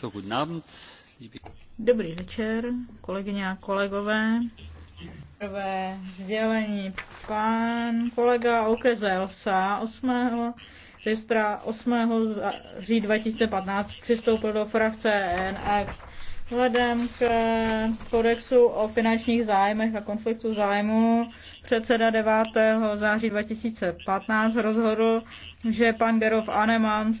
So, guten Abend. Dobrý večer, kolegyně a kolegové. Prvé sdělení. Pan kolega Okezel sa 8. Řistra 8. září 2015 přistoupil do frakce NF vzhledem k kodexu o finančních zájmech a konfliktu zájmu předseda 9. září 2015 rozhodl, že pan Gerov Anemans